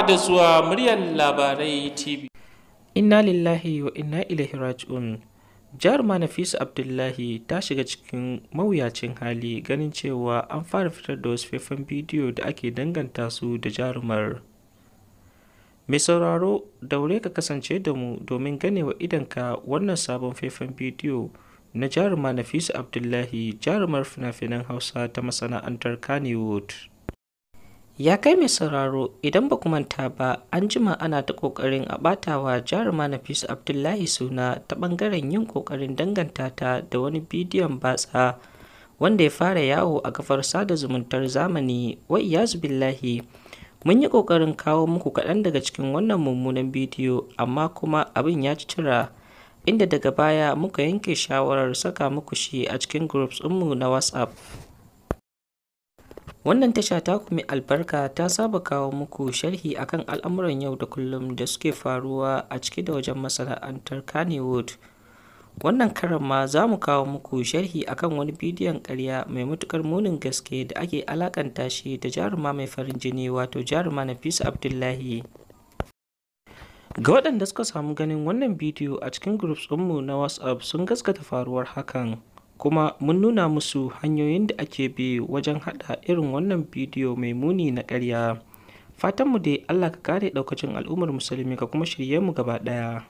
da zuwa muryar labarai TV. Inna lillahi wa inna ilaihi raji'un. Jihar Manafis Abdullahi ta shiga cikin mawuyacin hali ganin cewa an fara fitar da wasu faifan bidiyo da ake danganta su da jarumar. Mai sauraro daure ka kasance da mu domin ganewa idanka wannan sabon faifan bidiyo na jaruma Nafisa Abdullahi jarumar fina-finan Hausa ta masana'antar Kannywood. Ya kai mai sauraro idan ba manta ba an jima ana ta ƙoƙarin a ɓatawa jaruma nafisu Abdullahi suna ta ɓangaren yin ƙoƙarin danganta ta da wani bidiyon batsa wanda ya fara yawo a kafar sada zumuntar zamani wai ya billahi mun yi ƙoƙarin kawo muku kaɗan daga cikin wannan mummunan bidiyo amma kuma abin ya ci cira inda daga baya muka yanke shawarar saka muku shi a cikin groups ɗinmu na WhatsApp. Wannan tasha ta kumi albarka ta saba kawo muku sharhi akan al'amuran yau da kullum da suke faruwa a ciki da wajen masana'antar Kannywood. Wannan karan ma za mu kawo muku sharhi akan wani bidiyon karya mai matukar munin gaske da ake alakanta shi da jaruma mai farin jini wato jaruma na fisa Abdullahi. Ga waɗanda suka samu ganin wannan bidiyo a cikin groups ɗinmu na WhatsApp sun gaskata faruwar hakan. Kuma mun nuna musu hanyoyin da ake bi wajen haɗa irin wannan bidiyo mai muni na karya. Fatanmu dai Allah ka kare ɗaukacin al'ummar musulmi ka kuma shirye mu gaba ɗaya.